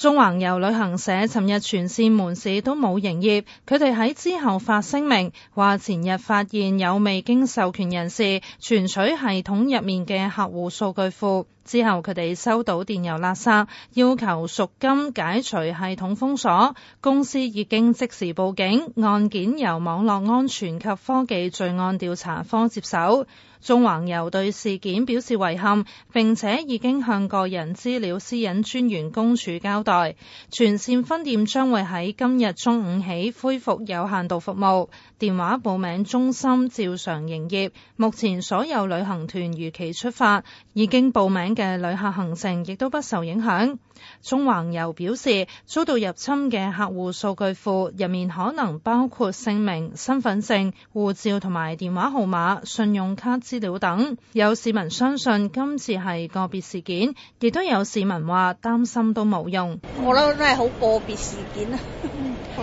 縱橫遊旅行社尋日全線門市都冇營業，佢哋喺之後發聲明，話前日發現有未經授權人士存取系統入面嘅客戶數據庫。之後，佢哋收到電郵勒索，要求贖金解除系統封鎖。公司已經即時報警，案件由網絡安全及科技罪案調查科接手。縱橫遊對事件表示遺憾，並且已經向個人資料私隱專員公署交代。全線分店將會喺今日中午起恢復有限度服務，電話報名中心照常營業。目前所有旅行團如期出發，已經報名嘅旅客行程亦都不受影響。縱橫遊表示遭到入侵嘅客戶數據庫入面可能包括姓名、身份證、護照同埋電話號碼、信用卡資料等。有市民相信今次係個別事件，亦都有市民話擔心都冇用。我諗都係好個別事件啊，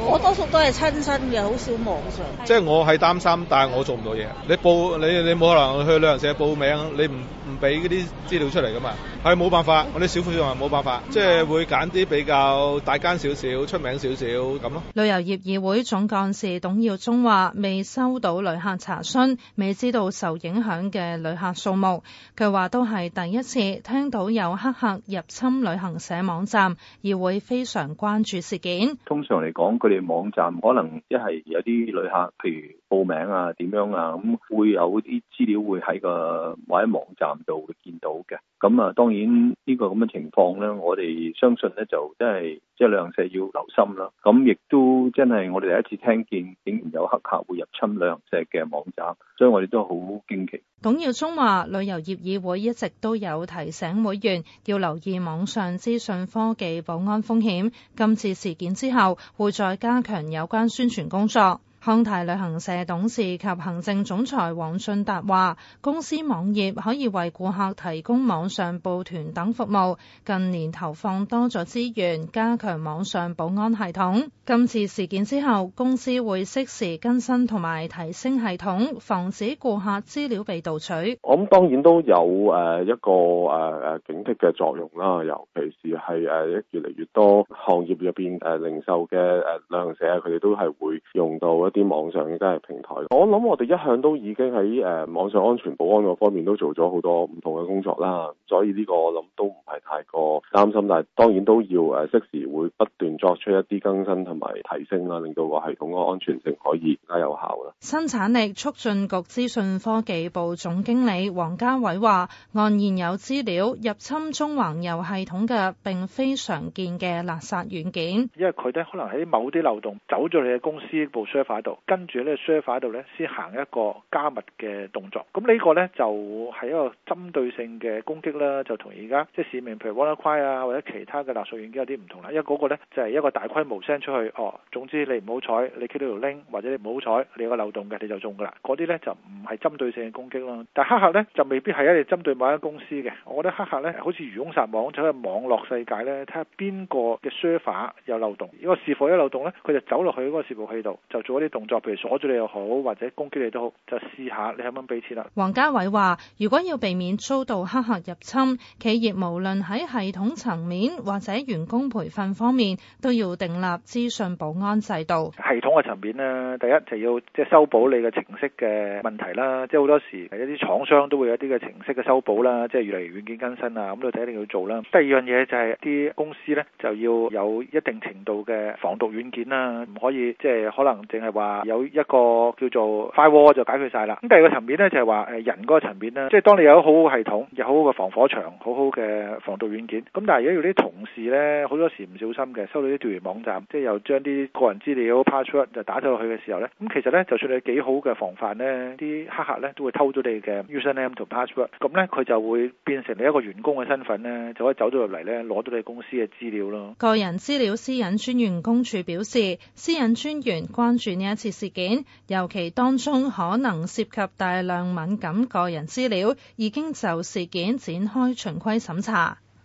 我多數都係親身嘅，好少網上。即係我係擔心，但係我做唔到嘢。你報你你冇可能去旅行社報名，你唔唔俾嗰啲資料出嚟。咁係冇辦法，我哋小夥子話冇辦法，即係會揀啲比較大間少少、出名少少咁咯。旅遊業議會總幹事董耀中話，未收到旅客查詢，未知道受影響嘅旅客數目。佢話都係第一次聽到有黑客入侵旅行社網站，議會非常關注事件。通常嚟講，佢哋網站可能一係有啲旅客，譬如報名啊、點樣啊，咁會有啲資料會喺個或者網站度見到嘅。咁啊，當然呢個咁嘅情況咧，我哋相信咧就真係即係旅行社要留心啦。咁亦都真係我哋第一次聽見竟然有黑客會入侵旅行社嘅網站，所以我哋都好驚奇。董耀宗話，旅遊業議會一直都有提醒會員要留意網上資訊科技保安風險，今次事件之後會再加強有關宣傳工作。康泰旅行社董事及行政總裁王俊達話：，公司網頁可以為顧客提供網上報團等服務。近年投放多咗資源，加強網上保安系統。今次事件之後，公司會適時更新同埋提升系統，防止顧客資料被盜取。我諗當然都有誒一個誒誒警惕嘅作用啦，尤其是係誒越嚟越多行業入邊誒零售嘅誒旅行社佢哋都係會用到一。啲網上嘅交易平台，我諗我哋一向都已經喺誒網上安全保安嗰方面都做咗好多唔同嘅工作啦，所以呢個我諗都唔係太過擔心，但係當然都要誒適時會不斷作出一啲更新同埋提升啦，令到個系統嘅安全性可以更加有效啦。生產力促進局資訊科技部總經理黃家偉話，按現有資料，入侵縱橫遊系統嘅並非常見嘅勒索軟件，因為佢哋可能喺某啲漏洞走咗你嘅公司部度，跟住呢，server 喺度呢，先行一個加密嘅動作。咁呢個呢，就係一個針對性嘅攻擊啦，就同而家即係市面譬如 WannaCry 啊或者其他嘅勒索軟件有啲唔同啦。因為嗰個呢，就係一個大規模 send 出去，哦，總之你唔好彩，你 click 到條 link 或者你唔好彩，你有個漏洞嘅，你就中噶啦。嗰啲呢，就唔係針對性嘅攻擊咯。但黑客呢，就未必係一係針對某一間公司嘅。我覺得黑客呢，好似魚翁撒網，喺個網絡世界呢，睇下邊個嘅 server 有漏洞，如果伺服有漏洞呢，佢就走落去嗰個伺服器度就做動作，譬如鎖住你又好，或者攻擊你都好，就試下你有冇俾錢啦。黃家偉話，如果要避免遭到黑客入侵，企業無論喺系統層面或者員工培訓方面，都要訂立資訊保安制度。系統嘅層面呢，第一就要即係修補你嘅程式嘅問題啦。即係好多時係一啲廠商都會有啲嘅程式嘅修補啦，即係越嚟越軟件更新啊，咁你都係一定要做啦。第二樣嘢就係啲公司呢，就要有一定程度嘅防毒軟件啦，唔可以即係可能淨係。話有一個叫做 firewall 就解決晒啦。咁第二個層面咧就係話誒人嗰個層面咧，即係當你有好好系統，有好好嘅防火牆、好好嘅防盜軟件。咁但係如果有啲同事咧，好多時唔小心嘅，收到啲釣魚網站，即係又將啲個人資料 password 就打咗落去嘅時候咧，咁其實咧就算你幾好嘅防範咧，啲黑客咧都會偷咗你嘅 username 同 password。咁咧佢就會變成你一個員工嘅身份咧，就可以走咗入嚟咧攞到你公司嘅資料咯。個人資料私隱專員公署表示，私隱專員關注呢。一次事件，尤其當中可能涉及大量敏感個人資料，已經就事件展開循規審查。